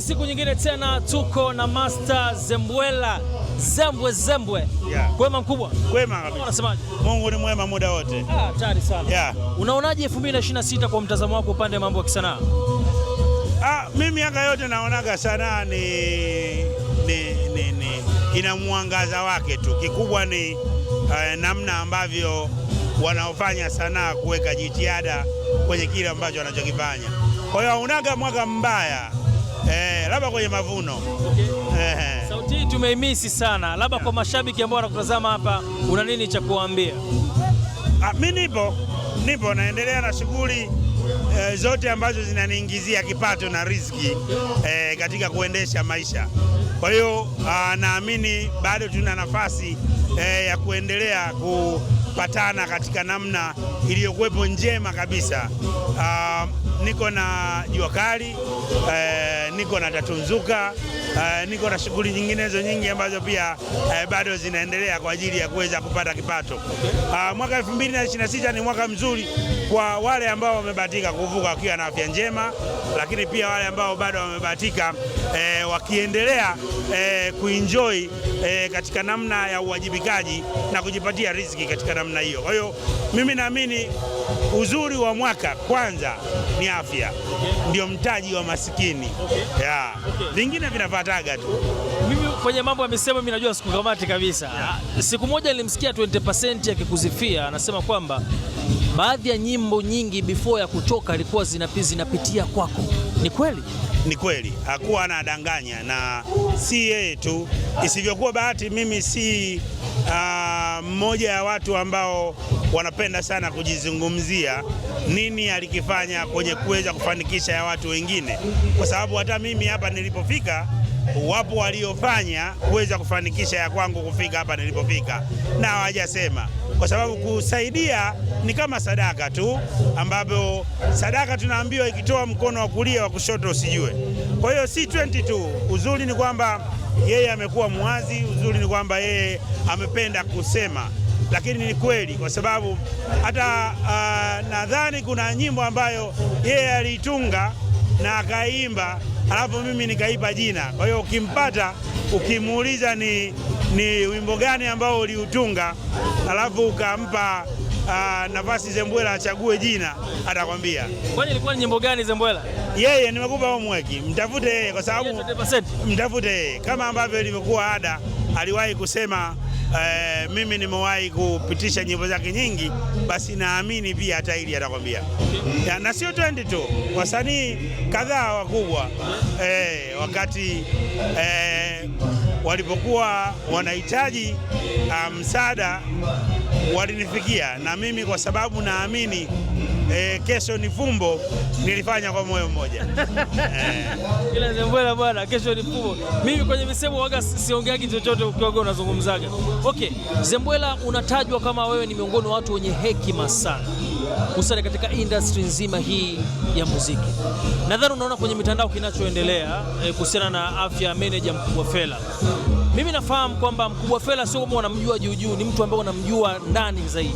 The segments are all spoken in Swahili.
Siku nyingine tena tuko na Master Zembwela Zembwe Zembwe. Yeah. Kwema mkubwa? Kwema kabisa. Unasemaje? Mungu ni mwema muda wote. Ah, tayari sana. Yeah. Unaonaje 2026 kwa mtazamo wako upande wa mambo ya kisanaa? Ah, mimi anga yote naonaga sanaa ni, ni, ni, ni ina mwangaza wake tu. Kikubwa ni uh, namna ambavyo wanaofanya sanaa kuweka jitihada kwenye kile ambacho wanachokifanya. Kwa hiyo unaga mwaka mbaya eh, labda kwenye mavuno okay. Eh. Sauti hii tumeimisi sana, labda kwa mashabiki ambao wanakutazama hapa, una nini cha kuwaambia? Ah, mi nipo, nipo naendelea na shughuli eh, zote ambazo zinaniingizia kipato na riziki eh, katika kuendesha maisha. Kwa hiyo ah, naamini bado tuna nafasi eh, ya kuendelea ku patana katika namna iliyokuwepo njema kabisa. Uh, niko na jua kali uh, niko na tatunzuka uh, niko na shughuli nyinginezo nyingi ambazo pia uh, bado zinaendelea kwa ajili ya kuweza kupata kipato. Uh, mwaka 2026 ni mwaka mzuri kwa wale ambao wamebahatika kuvuka wakiwa na afya njema, lakini pia wale ambao bado wamebahatika e, wakiendelea e, kuenjoy e, katika namna ya uwajibikaji na kujipatia riziki katika namna hiyo. Kwa hiyo mimi naamini uzuri wa mwaka kwanza ni afya, ndio mtaji wa masikini yeah. Vingine vinafataga tu. Mimi kwenye mambo ya misemo mimi najua sikukamati kabisa. Siku moja nilimsikia 20% akikuzifia anasema kwamba baadhi ya nyimbo nyingi before ya kutoka ilikuwa zinapitia kwako. Ni kweli? Ni kweli, hakuwa anadanganya na si yeye tu. Isivyokuwa bahati, mimi si ah, mmoja uh, ya watu ambao wanapenda sana kujizungumzia nini alikifanya kwenye kuweza kufanikisha ya watu wengine, kwa sababu hata mimi hapa nilipofika wapo waliofanya kuweza kufanikisha ya kwangu kufika hapa nilipofika na hawajasema kwa sababu kusaidia ni kama sadaka tu, ambapo sadaka tunaambiwa ikitoa mkono wa kulia wa kushoto usijue. Kwa hiyo si 22 uzuri ni kwamba yeye amekuwa mwazi, uzuri ni kwamba yeye amependa kusema lakini ni kweli kwa sababu hata uh, nadhani kuna nyimbo ambayo yeye aliitunga na akaimba alafu mimi nikaipa jina. Kwa hiyo ukimpata ukimuuliza ni ni wimbo gani ambao uliutunga, alafu ukampa uh, nafasi Zembwela achague jina, atakwambia. Kwani ilikuwa ni nyimbo gani Zembwela? Yeye nimekupa homework, mtafute yeye kwa sababu mtafute yeye kama ambavyo ilivyokuwa ada, aliwahi kusema Uh, mimi nimewahi kupitisha nyimbo zake nyingi, basi naamini pia hata ili atakwambia. Na sio twendi tu, wasanii kadhaa wakubwa eh, wakati eh, walipokuwa wanahitaji ah, msaada um, walinifikia na mimi kwa sababu naamini E, kesho ni fumbo, nilifanya kwa moyo mmoja e. Bwana, kesho ni fumbo. Mimi kwenye misemo waga siongeagi chochote ukiwaga unazungumzaga. Okay, Zembwela unatajwa kama wewe ni miongoni wa watu wenye hekima sana hususani katika industry nzima hii ya muziki. Nadhani unaona kwenye mitandao kinachoendelea e, kuhusiana na afya ya meneja Mkubwa Fela. Mimi nafahamu kwamba Mkubwa Fela sio kama unamjua juu juu, ni mtu ambaye unamjua ndani zaidi.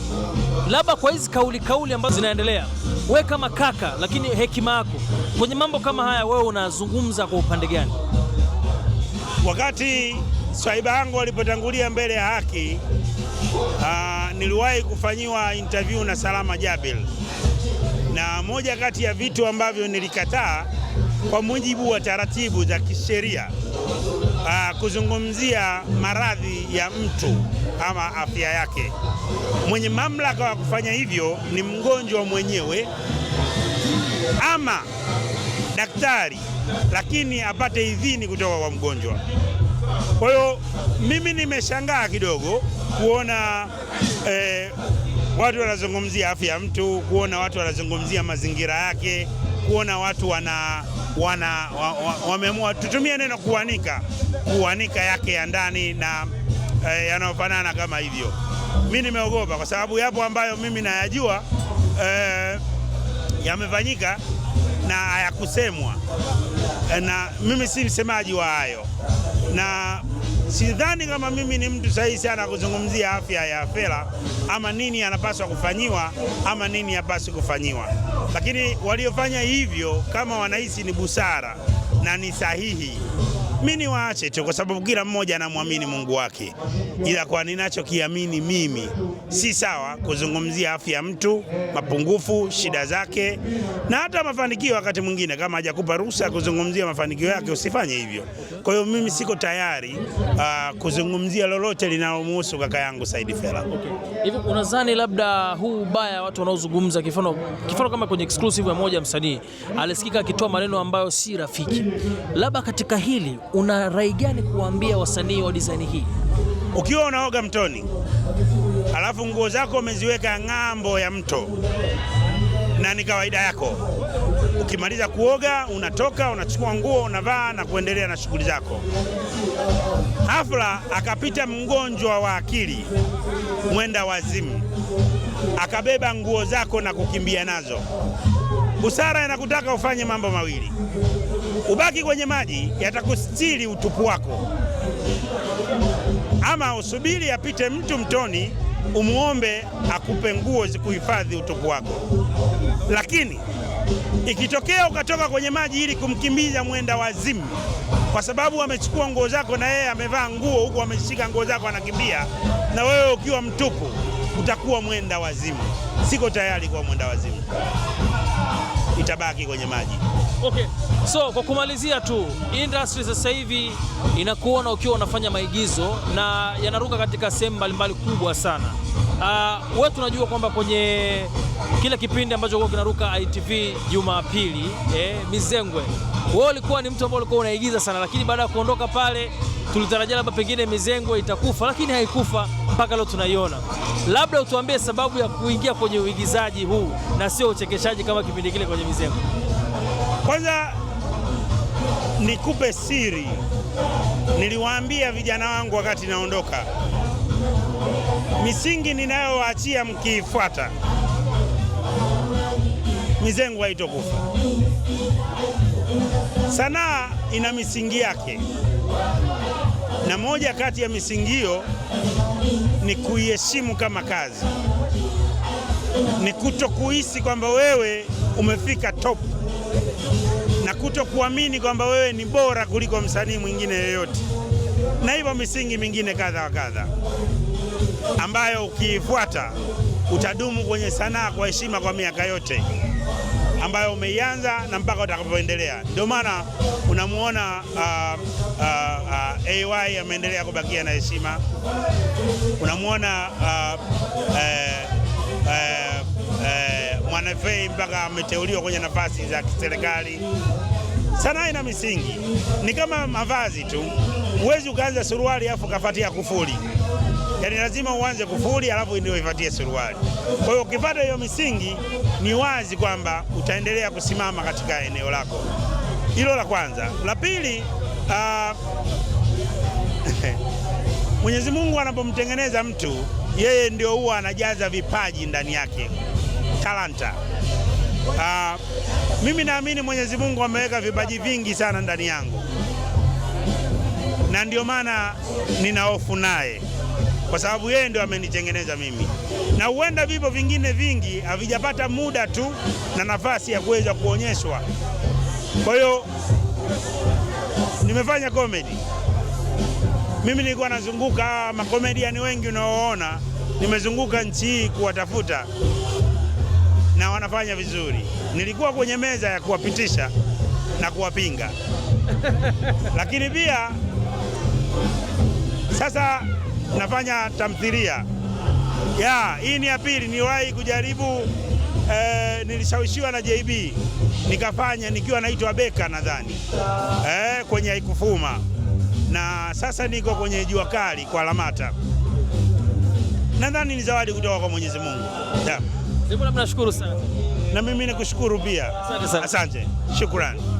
Labda kwa hizi kauli kauli ambazo zinaendelea, wewe kama kaka, lakini hekima yako kwenye mambo kama haya, wewe unazungumza kwa upande gani? Wakati swaiba yangu walipotangulia mbele ya haki aa, ah, niliwahi kufanyiwa interview na Salama Jabir, na moja kati ya vitu ambavyo nilikataa kwa mujibu wa taratibu za kisheria uh, kuzungumzia maradhi ya mtu ama afya yake. Mwenye mamlaka wa kufanya hivyo ni mgonjwa mwenyewe ama daktari, lakini apate idhini kutoka kwa mgonjwa. Kwa hiyo mimi nimeshangaa kidogo kuona eh, watu wanazungumzia afya ya mtu, kuona watu wanazungumzia mazingira yake, kuona watu wana wana wameamua wa, wa tutumie neno kuanika, kuanika yake ya ndani na eh, yanayofanana kama hivyo. Mi nimeogopa kwa sababu yapo ambayo mimi nayajua eh, yamefanyika na hayakusemwa na mimi si msemaji wa hayo, na sidhani kama mimi ni mtu sahihi sana kuzungumzia afya ya fela ama nini anapaswa kufanyiwa ama nini hapaswi kufanyiwa, lakini waliofanya hivyo kama wanahisi ni busara na ni sahihi mimi ni waache tu, kwa sababu kila mmoja anamwamini Mungu wake, ila kwa ninachokiamini mimi si sawa kuzungumzia afya ya mtu, mapungufu, shida zake na hata mafanikio. Wakati mwingine kama hajakupa ruhusa ya kuzungumzia mafanikio yake usifanye hivyo. Kwa hiyo mimi siko tayari uh, kuzungumzia lolote linalomhusu kaka yangu Said Fella. Hivi okay, unadhani labda huu ubaya watu wanaozungumza kifano, kifano kama kwenye exclusive ya moja msanii alisikika akitoa maneno ambayo si rafiki, labda katika hili una rai gani kuwaambia wasanii wa design hii? Ukiwa unaoga mtoni alafu nguo zako umeziweka ng'ambo ya mto, na ni kawaida yako, ukimaliza kuoga unatoka unachukua nguo unavaa na kuendelea na shughuli zako. Hafla akapita mgonjwa wa akili mwenda wazimu, akabeba nguo zako na kukimbia nazo. Busara inakutaka ufanye mambo mawili: ubaki kwenye maji yatakustiri utupu wako, ama usubiri apite mtu mtoni umuombe akupe nguo zikuhifadhi utupu wako. Lakini ikitokea ukatoka kwenye maji ili kumkimbiza mwenda wazimu, kwa sababu amechukua nguo zako na yeye amevaa nguo huku ameshika nguo zako anakimbia, na wewe ukiwa mtupu, utakuwa mwenda wazimu. Siko tayari kwa mwenda wazimu itabaki kwenye maji. Okay. So kwa kumalizia tu, industry sasa hivi inakuona ukiwa unafanya maigizo na yanaruka katika sehemu mbalimbali kubwa sana. Uh, wewe tunajua kwamba kwenye kila kipindi ambacho kwa kinaruka ITV Jumapili, eh, Mizengwe, wewe ulikuwa ni mtu ambaye ulikuwa unaigiza sana, lakini baada ya kuondoka pale tulitarajia labda pengine Mizengwe itakufa, lakini haikufa mpaka leo tunaiona. Labda utuambie sababu ya kuingia kwenye uigizaji huu na sio uchekeshaji kama kipindi kile kwenye Mizengwe. Kwanza nikupe siri, niliwaambia vijana wangu wakati naondoka, misingi ninayowaachia mkiifuata, Mizengwe haitokufa. Sanaa ina misingi yake na moja kati ya misingio ni kuiheshimu kama kazi, ni kutokuhisi kwamba wewe umefika top na kutokuamini kwamba wewe ni bora kuliko msanii mwingine yoyote, na hivyo misingi mingine kadha wa kadha ambayo ukiifuata utadumu kwenye sanaa kwa heshima kwa miaka yote ambayo umeianza na mpaka utakapoendelea. Ndio maana unamwona uh, uh, uh, AY ameendelea kubakia na heshima, unamwona uh, uh, uh, uh, Mwanafei mpaka ameteuliwa kwenye nafasi za kiserikali. Sanaa ina misingi, ni kama mavazi tu, huwezi ukaanza suruali afu kafatia kufuli yani lazima uanze kufuli, alafu ndio ifuatie suruali. Kwa hiyo ukipata hiyo misingi, ni wazi kwamba utaendelea kusimama katika eneo lako. Hilo la kwanza. La pili, uh, Mwenyezi Mungu anapomtengeneza mtu, yeye ndio huwa anajaza vipaji ndani yake, talanta. Uh, mimi naamini Mwenyezi Mungu ameweka vipaji vingi sana ndani yangu, na ndio maana nina hofu naye kwa sababu yeye ndio amenitengeneza mimi, na huenda vipo vingine vingi havijapata muda tu na nafasi ya kuweza kuonyeshwa. Kwa hiyo nimefanya komedi mimi, nilikuwa nazunguka makomediani wengi unaoona, nimezunguka nchi hii kuwatafuta na wanafanya vizuri. Nilikuwa kwenye meza ya kuwapitisha na kuwapinga, lakini pia sasa nafanya tamthilia ya hii ni ya pili. Niliwahi kujaribu eh, nilishawishiwa na JB nikafanya nikiwa naitwa Beka nadhani eh, kwenye Haikufuma, na sasa niko kwenye Jua Kali kwa Lamata. Nadhani ni zawadi kutoka kwa Mwenyezi Mungu. Mnashukuru sana na mimi nikushukuru pia, asante, asante. Shukrani.